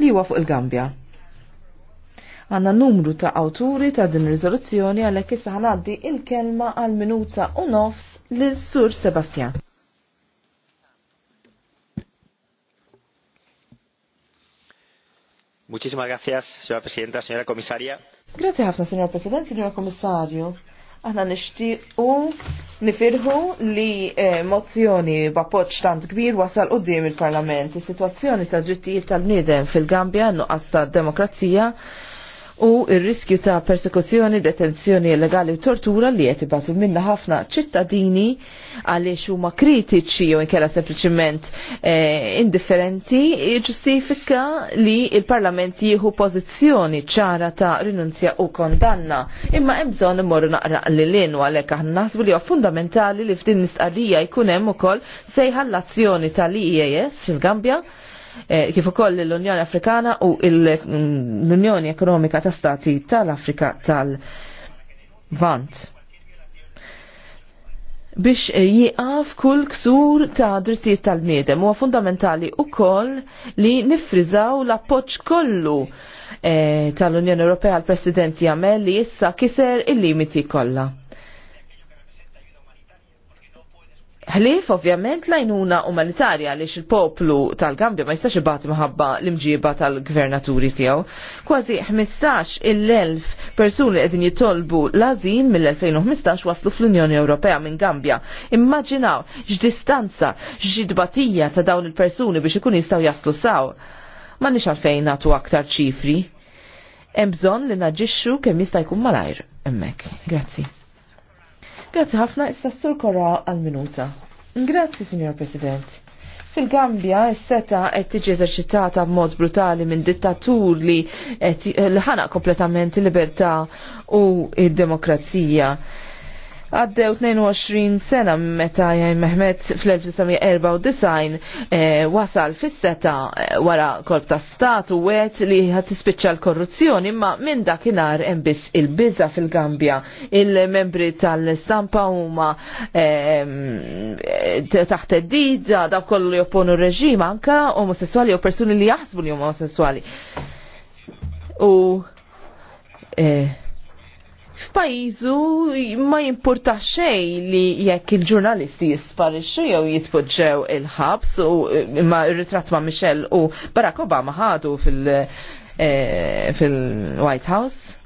li huwa fuq il-Gambja. Għanna numru ta' awturi ta' din riżoluzzjoni għalhekk issa ħanaddi il-kelma għal minuta u nofs lil Sur Sebastian. Muchísimas gracias, señora presidenta, señora comisaria. Grazie ħafna, signor President, signor Commissario aħna nixtiequ nifirħu li eh, mozzjoni b'appoġġ tant kbir wasal qudiem il-Parlament. Is-sitwazzjoni ta' drittijiet tal-bniedem fil-Gambja nuqqas ta' demokrazija u il-riskju ta' persekuzzjoni, detenzjoni illegali u tortura li qed ibatu minna ħafna ċittadini għaliex huma kritiċi jew inkella sempliċiment eh, indifferenti ġustifika li il-Parlament jieħu pożizzjoni ċara ta' rinunzja u kondanna. Imma hemm bżonn immorru naqra li lin u għalhekk aħna naħsbu li huwa fundamentali li f'din nistqarrija jkun hemm ukoll sejħa l-azzjoni tal-IES fil-Gambja Eh, kif ukoll l-Unjoni Afrikana u l-Unjoni Ekonomika ta' Stati tal-Afrika tal-Vant biex eh, jiqaf kull ksur ta' drittijiet tal-miedem huwa fundamentali wkoll li niffriżaw l-appoġġ kollu eh, tal-Unjoni Ewropea għal-President jagħmel li issa kiser il-limiti kollha. Ħlief ovvjament lajnuna umanitarja għaliex il-poplu tal-Gambja ma jistax ibati maħabba l-imġiba tal-gvernaturi tiegħu. Kważi 15 il-elf persuni qegħdin jitolbu lażin mill-2015 waslu fl-Unjoni Ewropea minn Gambja. Immaġinaw x'distanza, ġidbatija ta' dawn il-persuni biex ikun jistgħu jaslu saw. Ma nix għalfejn nagħtu aktar ċifri. Hemm bżonn li naġixxu kemm jista' jkun malajr hemmhekk. Grazzi. Grazzi ħafna issa sur korra għal-minuta. Grazzi, Signor President. Fil-Gambja, s-seta qed tiġi eżerċitata b'mod brutali minn dittatur li ħana kompletament il-libertà u id-demokrazija. Għaddew 22 sena meta jaj Mehmet fl-1994 eh, wasal fis-seta eh, wara kolb ta' stat u għet li ħat tispiċċa l-korruzzjoni imma minn dakinhar hemm biss il-biża fil-Gambja. Il-membri tal-stampa huma e, taħt id-dida daw kollu li opponu reġim anka omosessuali u persuni li jaħsbu li omosessuali. U f'pajizu ma jimporta xej li jekk il-ġurnalisti jisparixxu jew jitpoġġew il-ħabs u eh, ma ritratt ma' Michelle u Barack Obama ħadu fil- eh, fil-White House.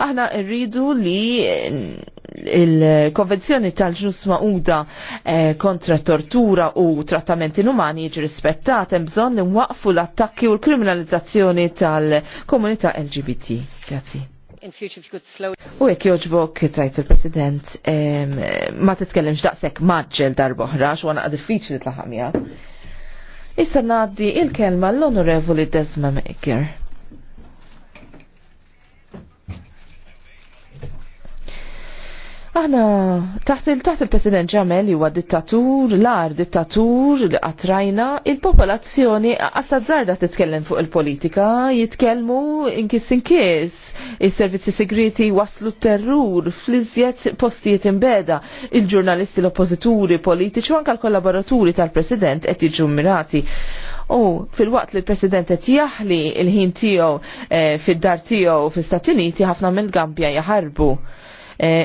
Aħna rridu li il-konvenzjoni tal-ġnus ma'uda eh, kontra tortura u trattamenti inumani jiġi rispettat hemm bżonn waqfu l-attakki u l-kriminalizzazzjoni tal-komunità LGBT. Grazzi. U jekk joġbok, tajt il-President, ma t-tkellimx daqshekk maġġel darboħra, xo għana diffiċli tlaħamja. Issa naddi il-kelma l-Onorevoli Desma Maker. Aħna taħt il-president ġamel li huwa dittatur, l-ar dittatur li qatrajna, il-popolazzjoni għasta zarda titkellem fuq il-politika, jitkellmu inkis inkis, il-servizzi segreti waslu terrur, fl-iżjed postijiet imbeda, il-ġurnalisti l-oppozituri politiċi u anka l-kollaboraturi tal-president qed jiġu mirati. U fil-waqt li l-President qed jaħli il-ħin tiegħu eh, fid-dar tiegħu fl istati Uniti ħafna mill-Gambja jaħarbu Eh,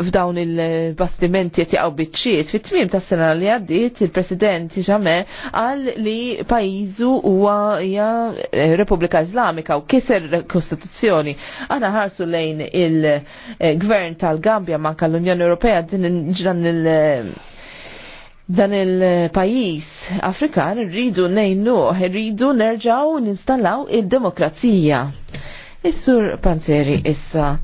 f'dawn il-bastimenti qed jaqgħu biċċiet. Fit-tmiem tas-sena li għaddiet il-President ġame qal li pajizu huwa hija eh, Repubblika Islamika u kiser Kostituzzjoni. Aħna ħarsu lejn il-Gvern tal-Gambja manka l-Unjoni Ewropea din ġran il- dan il-pajis Afrikan rridu nejnu, rridu nerġaw ninstallaw il-demokrazija. Is-sur Panzeri issa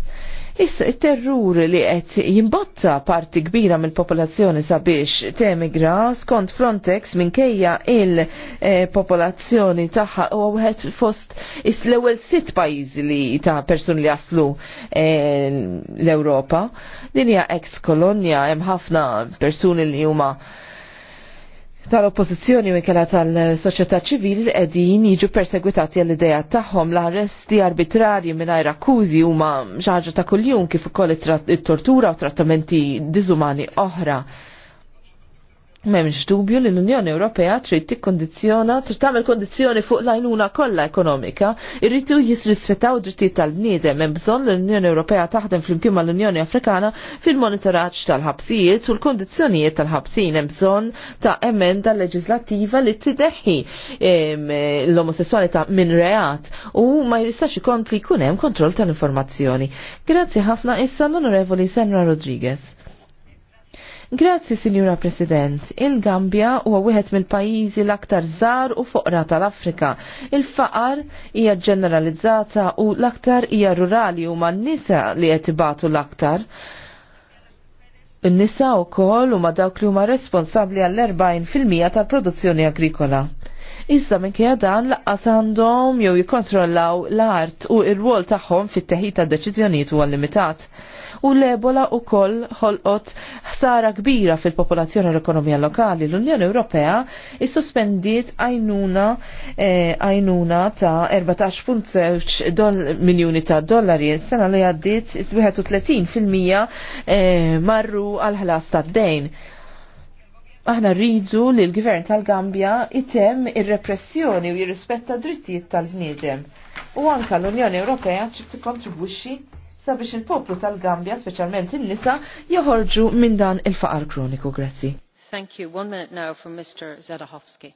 Issa il terrur li qed jimbotta parti kbira mill-popolazzjoni sabiex temigra skont Frontex minkejja il-popolazzjoni tagħha u għet fost is l-ewwel sitt pajjiżi li ta' persuni li jaslu eh, l-Ewropa. Din hija ex kolonja hemm ħafna persuni li huma tal-oppozizjoni minn inkela tal-soċjetà ċivili li qegħdin jiġu perseguitati għall idea tagħhom l-arresti arbitrarji mingħajr akkużi huma xi ħaġa ta' kuljum kif ukoll it-tortura u trattamenti diżumani oħra. M'hemmx dubju li l-Unjoni Ewropea trid tikkondizjona, trid tagħmel kondizzjoni fuq l-għajnuna kollha ekonomika, irritu jisrispettaw drittijiet tal-bniedem hemm bżonn l-Unjoni Ewropea taħdem flimkien mal-Unjoni Afrikana fil-monitoraġġ tal-ħabsijiet u l-kondizzjonijiet tal-ħabsin hemm bżonn ta' emenda leġislattiva li tideħħi l-omosessualità minn reat u ma jristax ikont li jkun hemm kontroll tal-informazzjoni. Grazzi ħafna issa l-Onorevoli Senra Rodriguez. Grazzi, Sinjura President. Il-Gambja huwa wieħed mill-pajjiżi l-aktar żar u foqra tal-Afrika. Il-faqar hija ġeneralizzata u l-aktar hija rurali u man-nisa li qed ibatu l-aktar. In-nisa wkoll huma dawk li huma responsabbli għall-40% tal-produzzjoni agrikola. Iżda minn kien dan laqqas għandhom jew jikkontrollaw l-art u r wol tagħhom fit-teħid tad-deċiżjonijiet huwa limitat u l-ebola u koll ħolqot ħsara kbira fil-popolazzjoni u l-ekonomija lokali. L-Unjoni Ewropea is-suspendiet għajnuna eh, għajnuna e, ta' 14.7 miljoni ta' dollari s-sena li għaddit 31% eh, marru għal-ħlas ta' dejn aħna rridu li l-gvern tal-Gambja item ir-repressjoni u jirrispetta drittijiet tal-bniedem. U anka l-Unjoni Ewropea ċittu tikkontribwixxi sabiex il-poplu tal-Gambja, specialment il nisa joħorġu minn dan il-faqar kroniku. Grazzi. Thank you. One minute now from Mr. Zadahovsky.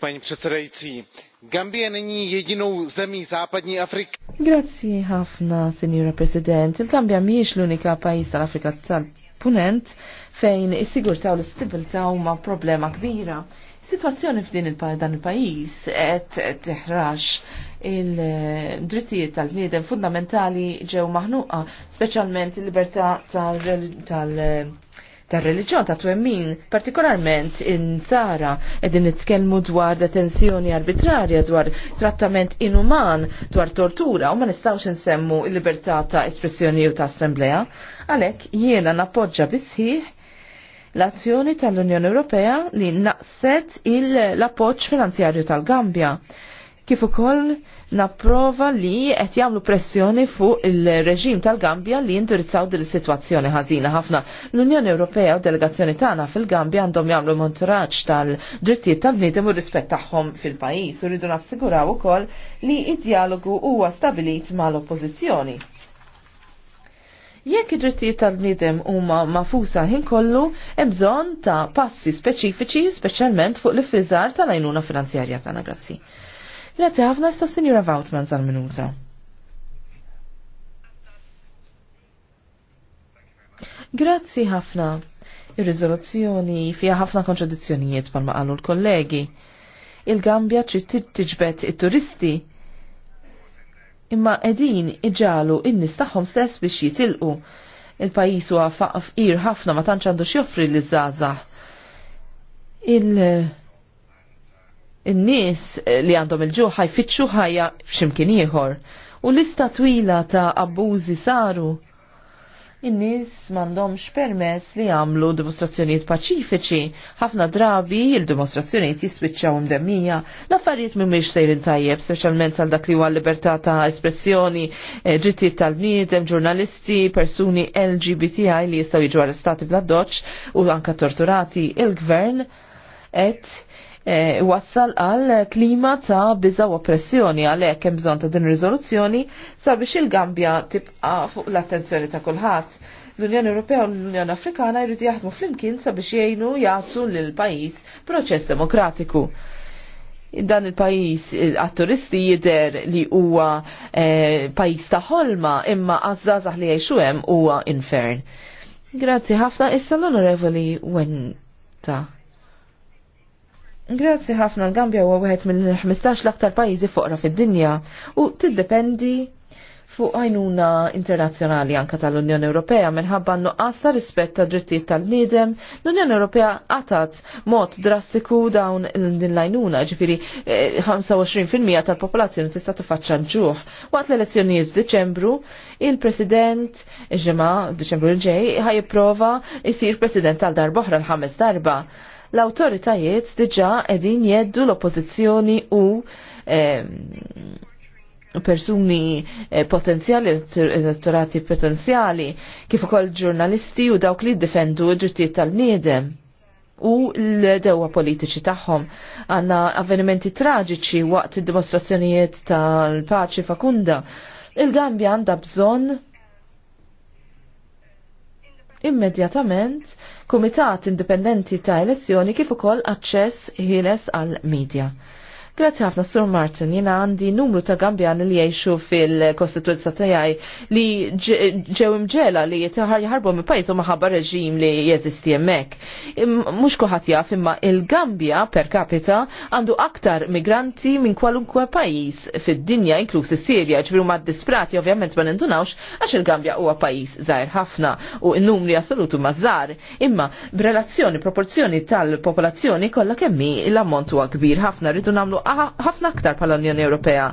Pani předsedající, Gambia není jedinou zemi zapadni Afriky. Grazzi hafna, Sinjura President. Il-Gambja miex l-unika pajis tal-Afrika tal-Punent fejn is-sigurtaw sigur l-istibiltaw ma' problema kbira. Situazzjoni f'din il-dan il-pajis qed teħrax il-drittijiet tal-bniedem fundamentali ġew maħnuqa, speċjalment il-libertà tal-reliġjon ta' twemmin, partikolarment in-sara edin nitkellmu dwar detenzjoni arbitrarja, dwar trattament inuman, dwar tortura, u ma nistawx nsemmu il-libertà ta' espressjoni u ta' assembleja. Għalek jiena nappoġġa bisħiħ l-azzjoni tal-Unjoni Ewropea li naqset l-appoġġ finanzjarju tal gambia Kif ukoll napprova li qed jagħmlu pressjoni fuq il-reġim tal-Gambja li jindirizzaw din is-sitwazzjoni ħażina ħafna. L-Unjoni Ewropea u delegazzjoni tagħna fil-Gambja għandhom jagħmlu monitoraġġ tal-drittijiet tal-bniedem u rispett tagħhom fil-pajjiż u rridu nassiguraw ukoll li d dialogu huwa stabilit mal-oppożizzjoni. Jekk id-drittijiet tal-bniedem huma mafusa ħin kollu, hemm bżonn ta' passi speċifiċi speċjalment fuq l-ifriżar tal-għajnuna finanzjarja tagħna grazzi. Grazzi ħafna sta' Sinjura Vautman tal-minuta. Grazzi ħafna. Ir-riżoluzzjoni fiha ħafna kontradizzjonijiet bħalma qalu l-kollegi. Il-Gambja trid tiġbed it-turisti imma edin iġalu innis taħħom tagħhom stess biex jitilqu. Il-pajis huwa faqir ħafna ma tantx għandux joffri li żgħażagħ. Il- in-nies li għandhom il ġu ħajfittxu ħajja f'ximkien ieħor. U lista twila ta' abbużi saru in-nies m'għandhomx permess li jagħmlu dimostrazzjonijiet paċifiċi. Ħafna drabi il-dimostrazzjonijiet jiswiċċaw mdemmija. L-affarijiet mhumiex sejrin tajjeb, speċjalment għal dak li huwa libertà ta' espressjoni, ġittijiet eh, tal-bniedem, ġurnalisti, persuni LGBTI li jistgħu jiġu arrestati bla doċċ u anka torturati il-gvern Et E, wassal għal klima ta' biża u oppressjoni għalhekk hemm bżonn ta' din riżoluzzjoni sabiex il-Gambja tibqa' fuq l-attenzjoni ta' kulħadd. L-Unjoni Ewropea u l-Unjoni Afrikana jridu jaħdmu flimkien sabiex jgħinu jagħtu lil pajjiż proċess demokratiku dan il-pajis għat-turisti jider li huwa e, pajis ta' ħolma imma għazzazah li jgħixu hemm huwa infern. Grazzi ħafna issa l-onorevoli Wenta. Grazzi ħafna l-Gambja huwa wieħed mill-15 l-aktar pajjiżi foqra fid-dinja u tiddependi fuq għajnuna internazzjonali anka tal-Unjoni Ewropea minħabba nuqqas ta' rispett ta' drittijiet tal-bniedem, l-Unjoni Ewropea qatat mod drastiku dawn din l-għajnuna, ġifiri 25% eh, tal-popolazzjoni tista' tifaċċa ġuħ. Waqt l-elezzjonijiet f'Diċembru, il-President ġema Diċembru l-ġej ħaj jipprova jsir President tal-darboħra l-ħames darba l-autoritajiet diġa edin jeddu l-oppozizjoni u ehm, persuni eh, potenzjali, elettorati potenzjali, kif ukoll ġurnalisti u dawk li jiddefendu d-drittijiet tal-niedem u l-dewa politiċi tagħhom. Għanna avvenimenti traġiċi waqt id-dimostrazzjonijiet tal-paċi fakunda. Il-Gambja għandha bżonn immedjatament kumitat indipendenti ta' elezzjoni kif ukoll aċċess ħieles għal-medja. Grazzi ħafna Sur Martin, jena għandi numru ta' Gambjani li jgħixu fil-Kostituzza tajaj li ġew imġela li jitaħar jħarbu me pajis maħabba reġim li jeżisti hemmhekk. Mhux kuħat jaf imma il-Gambja per capita għandu aktar migranti minn kwalunkwe pajjiż fid-dinja inklusi sirja ġviru ma' disprati ovvjament ma nindunawx għax il-Gambja huwa pajjiż zaħir ħafna u n-numri assolutu ma żgħar, imma b'relazzjoni proporzjoni tal-popolazzjoni kollha kemm l ammontu kbir ħafna rridu nagħmlu ħafna aktar bħala l-Unjoni Ewropea.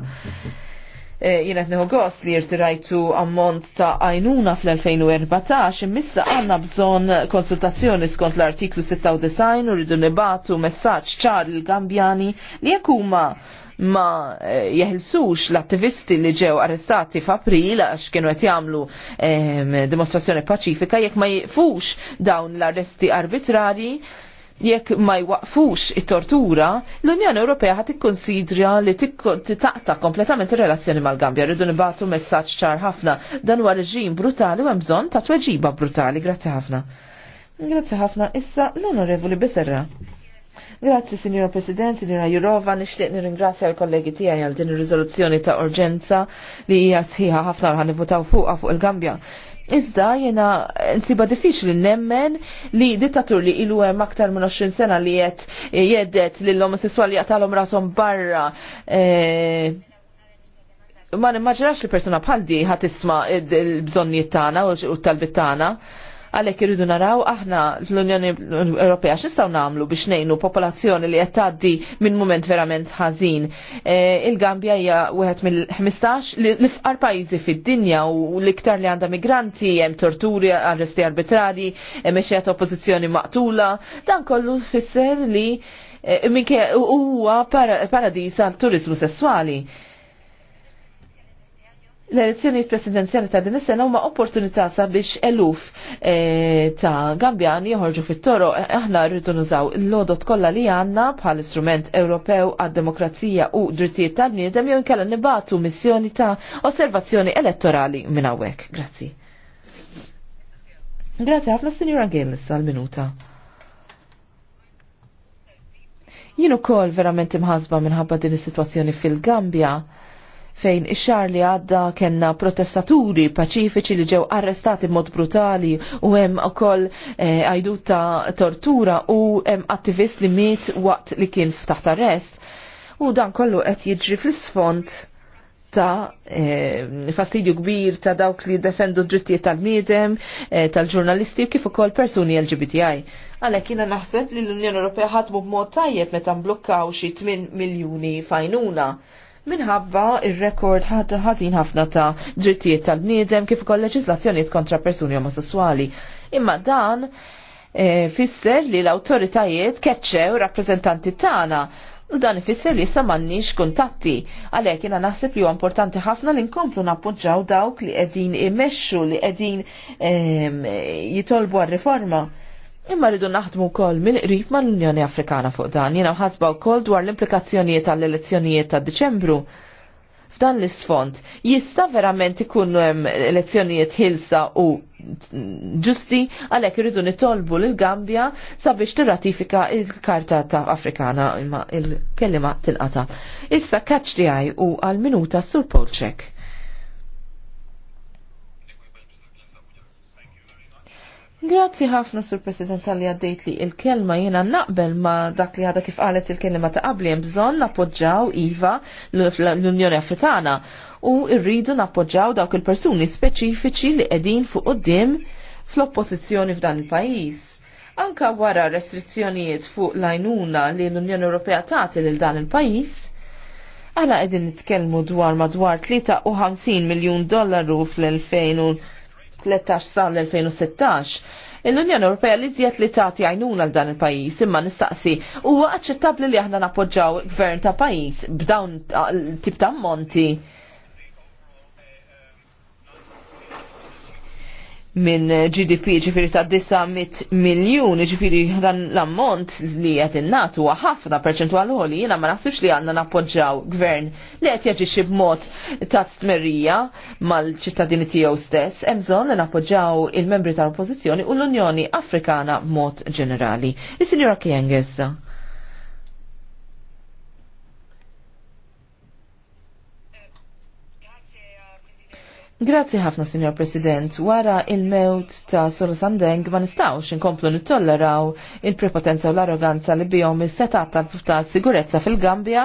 E, Jien qed nieħu gost li jirtirajtu ammont ta' għajnuna fl-2014 imissa għandna bżonn konsultazzjoni skont l-artiklu 96 u rridu nibatu messaġġ ċar il-Gambjani li jekk huma ma e, jeħilsux l-attivisti li ġew arrestati f'April għax kienu qed jagħmlu e, dimostrazzjoni paċifika jekk ma jiqfux dawn l-arresti arbitrari jekk ma jwaqfux it-tortura, l-Unjoni Ewropea ħat ikkonsidra li titaqta kompletament ir-relazzjoni mal-Gambja. Rridu nibatu messaġġ ċar ħafna dan huwa reġim brutali u hemm bżonn ta' tweġiba brutali. Grazzi ħafna. Grazzi ħafna. Issa l-Onorevoli Beserra. Grazzi, Signora President, Signora Jurova, nixtieq nirringrazzja l-kollegi tiegħi għal din ir-riżoluzzjoni ta' urġenza li hija sħiħa ħafna ħanivutaw fuqha fuq il-Gambja. Iżda jena nsiba diffiċli nemmen li dittatur li ilu hemm aktar minn 20 sena li qed jeddet lil omosessuali jaqtalhom rashom barra e, ma nimmaġinax li persuna bħal di ħatisma' il-bżonnijiet tagħna u t-talbit tagħna. Għalhekk irridu naraw aħna l-Unjoni Ewropea xistaw nagħmlu biex ngħinu popolazzjoni li qed tgħaddi minn mument verament ħażin. E, Il-Gambja hija wieħed mill-15 li fqar pajjiżi fid-dinja u l-iktar li għandha migranti hemm torturi, arresti arbitrari, mexjat oppożizzjoni maqtula, dan kollu fisser li e, minke huwa paradis għal turizmu sessuali. L-elezzjonijiet presidenzjali ta' din is-sena huma opportunità sabiex eluf eh, ta' Gambjani joħorġu fit-toro. Eh, aħna rridu nużaw il lodot kollha li għandna bħal istrument Ewropew għad-demokrazija u drittijiet tal-bniedem jew inkella nibatu missjoni ta' osservazzjoni elettorali minn hawnhekk. Grazzi. Grazzi ħafna Sinjura Gillis għall minuta jien ukoll verament imħasba minħabba din is-sitwazzjoni fil-Gambja fejn ix-xar li għadda kellna protestaturi paċifiċi li ġew arrestati mod brutali u hemm ukoll eh, għajduta ta' tortura u hemm attivist li miet waqt li kien f'taħt arrest. U dan kollu qed jiġri fl-isfond ta' e, fastidju kbir ta' dawk li defendu d-drittijiet tal-miedem, e, tal-ġurnalisti u kif ukoll persuni LGBTI. Għalhekk jiena naħseb li l-Unjoni Ewropea ħadmu b'mod tajjeb meta mblukkaw xi 8 miljuni fajnuna minħabba il rekord ħażin ħafna ta' drittijiet tal-bniedem kif ukoll leġislazzjonijiet kontra persuni omosessuali. Imma dan e, fisser li l-awtoritajiet keċċew rappreżentanti tagħna u dan ifisser li issa m'għandniex kuntatti. Għalhekk jiena naħseb li huwa importanti ħafna li nkomplu nappoġġaw dawk li qegħdin imexxu li qegħdin jitolbu għar-riforma. Imma rridu naħdmu wkoll mill-qrib mal-Unjoni Afrikana fuq dan, jiena ħasba wkoll dwar l-implikazzjonijiet tal-elezzjonijiet ta' Diċembru. F'dan l-isfond, jista verament ikun hemm elezzjonijiet ħilsa u ġusti għalhekk irridu nitolbu lil Gambja sabiex tirratifika il-Karta ta' Afrikana imma il-kelima tilqata. Issa kaċ tiegħi u għal minuta sur Polċek. Grazzi ħafna sur President li għaddejt li il-kelma jena naqbel ma dak li għada kif qalet il-kelma ta' qabli jemżon bżonn nappoġġaw IVA l-Unjoni Afrikana u rridu nappoġġaw dawk il-persuni speċifiċi li qegħdin fuq qudiem fl-oppożizzjoni f'dan il-pajjiż. Anka wara restrizzjonijiet fuq lajnuna li l-Unjoni Ewropea tagħti lil dan il-pajjiż, għala qegħdin nitkellmu dwar madwar 53 miljun dollaru fl-2000 2013 sal-2016 l-Unjoni Ewropea li zjed li tagħti għajnuna għal dan il-pajjiż imma nistaqsi huwa aċċettabbli li aħna nappoġġaw gvern ta' pajjiż b'dawn tip ta' monti minn GDP ġifiri ta' 900 miljon ġifiri dan l-ammont li qed innatu huwa ħafna perċentwal li jiena ma naħsibx li għandna nappoġġjaw gvern li qed jaġixxi b'mod ta' stmerija mal-ċittadini tiegħu stess hemm bżonn li nappoġġjaw il-membri tal-Oppożizzjoni u l-Unjoni Afrikana mod ġenerali. Is-Sinjora Kiengezza. Grazzi ħafna, Signor President. Wara il-mewt ta' Sur Sandeng ma nistawx inkomplu nittolleraw il-prepotenza u l-arroganza li bijom is-setat tal-ta' sigurezza fil-Gambja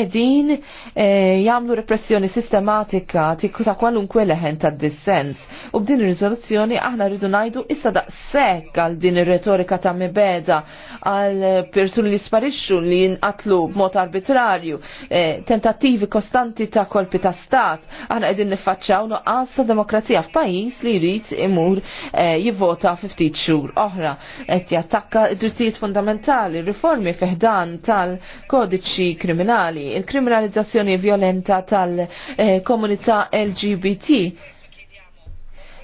edin e, jamlu repressjoni sistematika ta' kwalunkwe leħen ta' dissens. U b'din ir-riżoluzzjoni aħna rridu ngħidu issa da' sekk għal din ir-retorika ta' mibeda għal persuni li sparixxu li jinqatlu b'mod arbitrarju, e, tentattivi kostanti ta' kolpi ta' stat. Aħna qegħdin niffaċċaw noqgħa nuqqas ta' demokrazija f'pajjiż li jrid imur eh, jivvota fi ftit xhur oħra qed jattakka drittijiet fundamentali, riformi fiħdan tal-kodiċi kriminali, il-kriminalizzazzjoni violenta tal-komunità LGBT.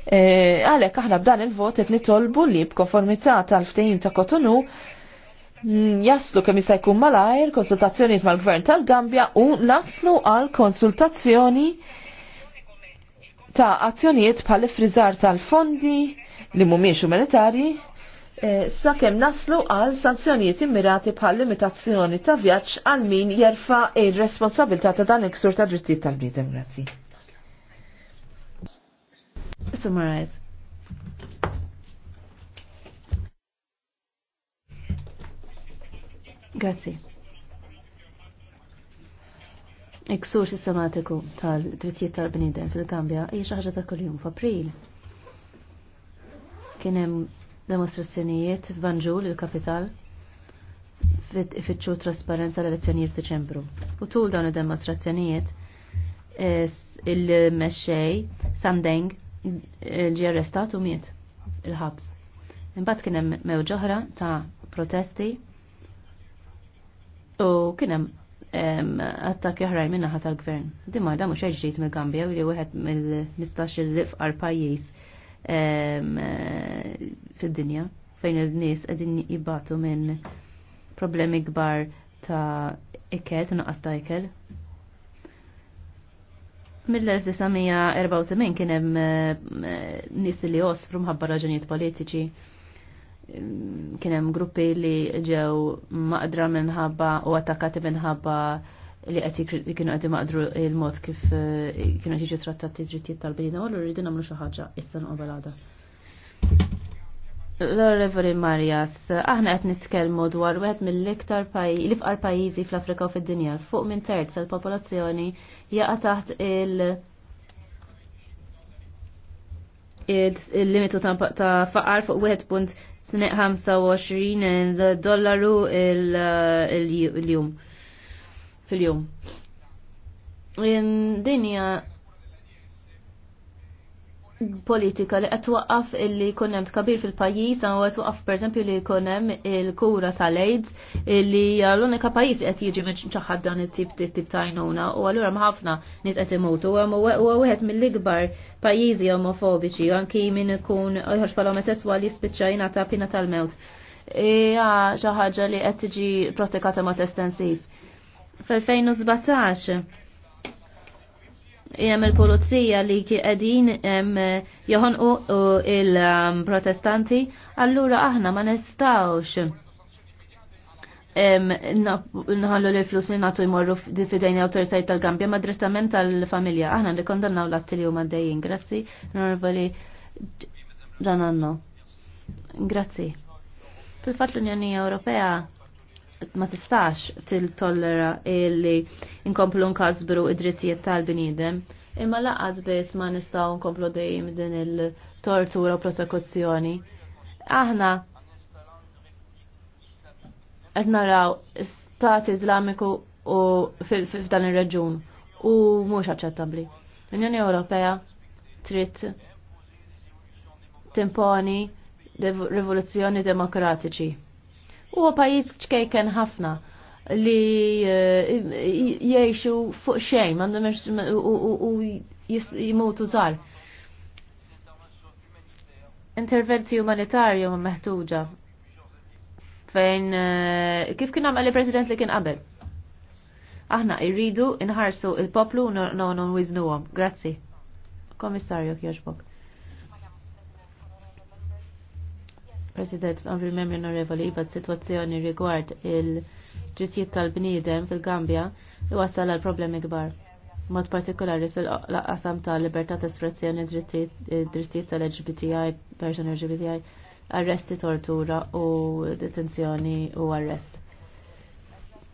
Eh, Għalek aħna b'dan il-vot qed nitolbu li b'konformità tal-ftehim ta' Kotonu mm, jaslu kemm jista' jkun malajr konsultazzjonijiet mal-Gvern tal-Gambja u naslu għal konsultazzjoni ta' azzjonijiet bħal frizar tal-fondi li mhumiex umanitarji sa' eh, sakemm naslu għal sanzjonijiet immirati bħal limitazzjoni ta' vjaġġ għal min jerfa' il responsabilità ta' dan iksur ta' drittijiet tal-bniedem. Grazzi. Summarize. Grazie iksur sistematiku tal-drittijiet tal bnidem fil-Kambja hija xi ħaġa ta' kuljum f'April. Kien hemm demonstrazzjonijiet f'Banjul il-kapital fitxu trasparenza l-elezzjonijiet Deċembru. U tul dawn id-demonstrazzjonijiet il-mexxej Sandeng ġie arrestat u miet il-ħabs. Imbagħad kien hemm mewġ oħra ta' protesti u kien hemm attakki ħraj minna ħat tal-gvern. Dimma da mux ġejt mill gambia u li wieħed mill mistax il-fqar pajjiż fid-dinja fejn il-nies qegħdin jibatu minn problemi kbar ta' ikel, ta' nuqqas ta' ikel. Mill-1974 kien hemm eh, nies li osfru mħabba raġunijiet politiċi kienem gruppi li ġew maqdra minħabba u attakati minħabba li qed kienu qed maqdru il-mod kif eh, kienu għati trattati drittijiet tal bidina u l nagħmlu xi ħaġa issa u balada. L-Reveri Marjas, aħna qed nitkellmu dwar wieħed mill-iktar l-ifqar pajjiżi fl-Afrika u fid-dinja fuq minn terz tal-popolazzjoni jaqa' taħt il- il-limitu ta' faqar fuq 1.8 sniq 25 eh, dollaru eh, il-jum. Fil-jum. Dinja politika li qed twaqqaf illi jkun hemm tkabir fil-pajjiż għet waqqaf per esempio li jkun hemm il-kura tal-AIDS li l-unika pajjiż qed jiġi meċċaħad dan it-tip tip ta'jnuna u allura ħafna nis qed imutu huwa wieħed mill-ikbar pajjiżi omofobiċi anki min ikun jħarġ bħala omosesswal jispiċċa ta' pina tal-mewt. Ija e, xi ħaġa li qed tiġi protekata ma' testensif. Fl-2017 jem il-polizija li kiedin joħonqu il-protestanti, allura aħna ma nistawx nħallu li flus li natu jmorru fidejni autoritajt tal-Gambja ma drittament tal-familja. Aħna li kondannaw l-atti li huma dejjin. Grazzi, norvali anno. Grazzi. Fil-fat l-Unjoni Ewropea ma tistax til-tollera illi inkomplu nkasbru id-drittijiet tal-bnidem imma laqqas biss ma nistaw nkomplu dejjem din il-tortura u prosekuzzjoni. Aħna qed naraw stat Iżlamiku u f'dan ir-reġun u mhux aċċettabbli. L-Unjoni Ewropea trid timponi rivoluzzjoni demokratiċi huwa pajjiż ċkejken ħafna li eh, jgħixu fuq xejn m'għandhom u jimutu żgħar. Interventi umanitarju huma meħtuġa fejn eh, kif kien għamel president li kien qabel. Aħna irridu inħarsu il-poplu non non wiznuhom. Grazzi. Komissarju kjoġbok. President, għamri memri onorevoli, iva situazzjoni rigward il ġitjiet tal-bnidem fil-Gambja iwassal għal problemi kbar. Mod partikolari fil-qasam ta' libertà ta' espressjoni drittijiet tal-LGBTI, person LGBTI, arresti tortura u detenzjoni u arrest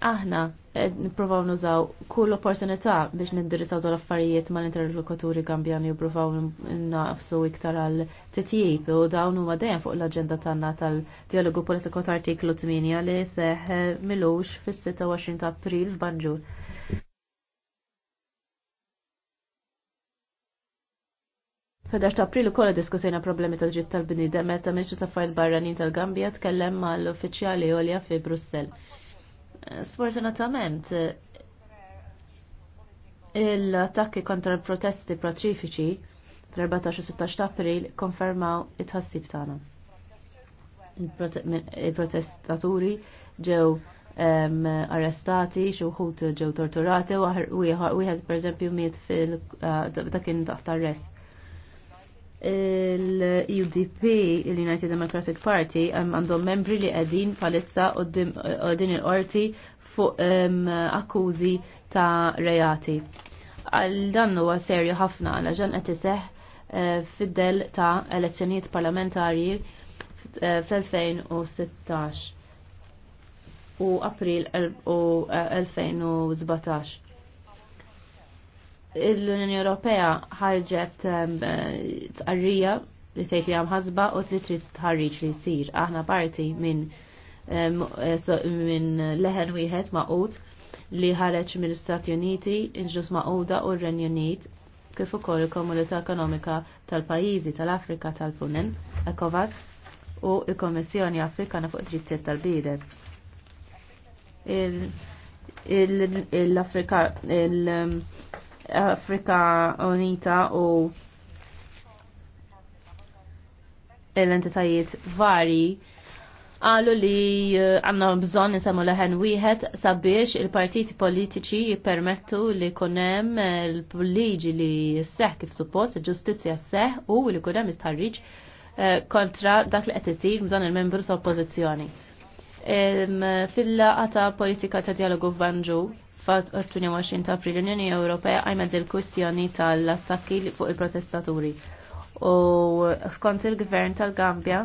aħna eh, nipprovaw nużaw kull opportunità biex nindirizzaw dal affarijiet mal interlokuturi gambjani u provaw nafsu iktar għal titjib u dawn huma dejjem fuq l-aġenda tagħna tal-dialogu politiku ta' artiklu 8 li seħ eh, milux fis-26 ta' April f'Banġur. Fedax ta' april ukoll diskutejna problemi ta' dritt tal-bnidem meta Ministru ta' fajl Barranin tal-Gambja tkellem mal-uffiċjali għolja fi Brussell Sfortunatament, il-attakki kontra l-protesti patrifiċi fl-14 u 16 ta' april konfermaw it-ħassib tagħna. Il-protestaturi ġew arrestati, xi wħud ġew torturati, u wieħed pereżempju miet fil-dakin eh, taħt arrest il-UDP, il-United Democratic Party, għandhom membri li għedin palissa għedin il-qorti fuq akkużi ta' rejati. Għal dan huwa serju ħafna għal ġan qed iseħħ eh, fid-del ta' elezzjonijiet parlamentari eh, fl-2016 u April u 2017 eh, l-Unjoni Ewropea ħarġet ehm, tqarrija li tgħid li hemm ħasba u li trid tħarriġ li jsir. Aħna parti minn ehm, minn leħen wieħed maqud li ħareġ mill-Istati Uniti, inġus maquda u r-Renju Unit kif ukoll il-Komunità Ekonomika tal-Pajjiżi tal-Afrika tal-Punent, ECOWAS, u l kommissjoni Afrikana fuq drittijiet tal-Bidem il afrika ehm, Afrika Unita u l-entitajiet vari għalu li eh, għanna bżon nisamu leħen wieħed sabiex il-partiti politiċi jippermettu li kunem eh, l-liġi li seħ kif suppost, il ġustizja seħ u li kunem istħarriġ eh, kontra dak li qed isir il-membru ta' oppożizzjoni. fil għata politika ta' dialogu f'Banġu fat-28 ta' april l-Unjoni Ewropea għajmet il-kwistjoni tal-attakki fuq il-protestaturi. U skont il-gvern tal-Gambja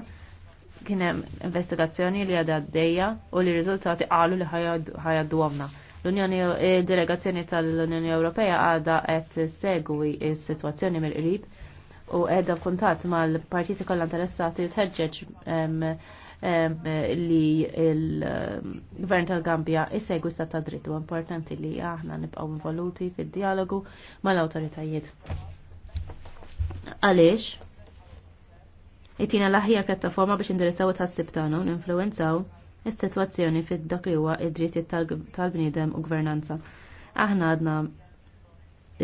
kienem investigazzjoni li għadha għaddejja u li riżultati qalu li ħajaddu għamna. L-Unjoni delegazzjoni tal-Unjoni Ewropea għadha qed segwi is-sitwazzjoni mill-qrib u għedha kuntat mal-partiti kollha interessati u tħeġġeġ li il-gvern tal-Gambia jissegwi stat ta' dritt importanti li aħna nibqgħu involuti fid-dialogu mal-awtoritajiet. Għaliex? Itina l-aħjar pjattaforma biex indirizzaw ta' s tagħna n ninfluwenzaw is-sitwazzjoni fid-dak li huwa id-drittijiet tal-bniedem u gvernanza. Aħna għadna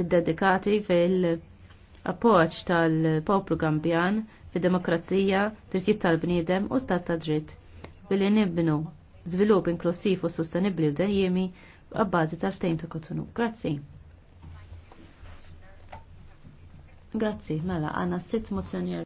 id-dedikati fil-appoġġ tal-poplu Gambjan fid-demokrazija, drittijiet tal-bniedem u stat ta' dritt billi nibnu żvilupp inklusiv u sostenibbli u dejjemi għabbażi tal-ftejn ta' Kotunu. Grazzi. Grazzi, mela, għanna sitt mozzjonier.